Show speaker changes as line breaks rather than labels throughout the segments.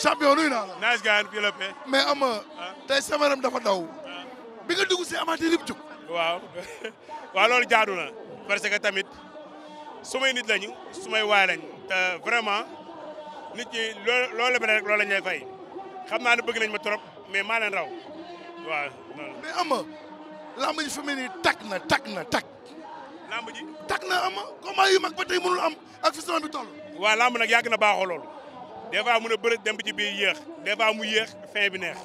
champion nuyu naa la. nice guy mais am ah. tey sama yaram dafa daw. Ah. bi nga dugg si amateur yëpp jóg. waaw waaw loolu jaadu na parce que tamit sumay nit lañu sumay waay lañ te vraiment nit ñi loo loo rek loolu lañ lay fay xam naa ne bëgg nañ ma trop mais maa leen raw waaw. mais ama lamb ji fi tak na tak na tak. lamb ji tak na ama combat yu mag ba tey am ak fi sama bi toll. waaw lamb nag yàgg na baaxoo loolu. des fois mun a bëri dem ci biir yéex des fois mu yéex fin bi neex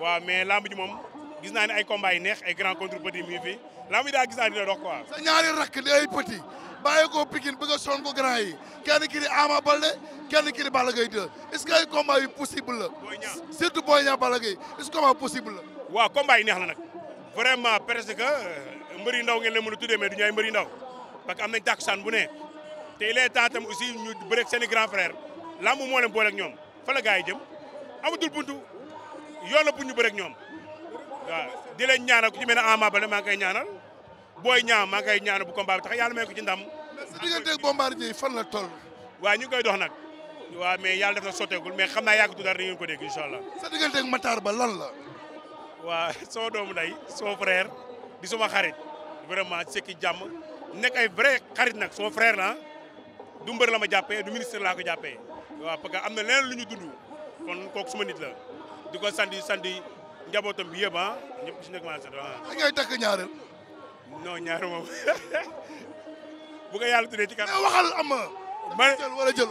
waaw mais lamb ji moom gis naa ne ay combat yi neex ay grand contre petit mi fi lamb ji daa gis naa dina dox quoi. sa ñaari rakk ay petit bàyyi ko Pikine bëgg a sonn ko grand yi kenn ki di Ama Baldé kenn ki di Balla Gaye 2 est-ce que ay combat yu possible la. surtout Boy Niang est-ce que combat possible waaw combat yi neex na nag vraiment presque que euh, mbër yu ndaw ngeen leen a tuddee du ñu ay mbër yu ndaw parce que bu ne te il est làmb moo leen boole ak ñoom fa la gars yi jëm amatul buntu yoon la pour ñu bëre ñoom waaw di leen ñaanal ku ci mel ne Ama Baldé maa ngi koy ñaanal booy ñaam maa ngi koy ñaanal bu combat bi tax yàlla may ko ci ndam. sa diggante ak Bombardier la toll. waa ñu ngi koy dox nag. waaw mais yàlla dafa na sotteegul mais xam naa du dara di ngeen ko dégg incha allah. sa diggante Ba lan la. waaw soo doomu day sama frère di sama xarit vraiment sekki jàmm nekk ay vrai xarit nag sama frère la ah. du la ma jàppee du ministre laa ko jàppee waaw parce que am na leneen lu ñu dund kon kooku suma nit la di ko sandi sandi njabootam bi yëpp ah ñëpp ci nekk maa sant waaw. takk ñaareel. non ñaar moom bu ko yàlla tuddee ci kanam. Eh, waxal am ma. ma wala jël.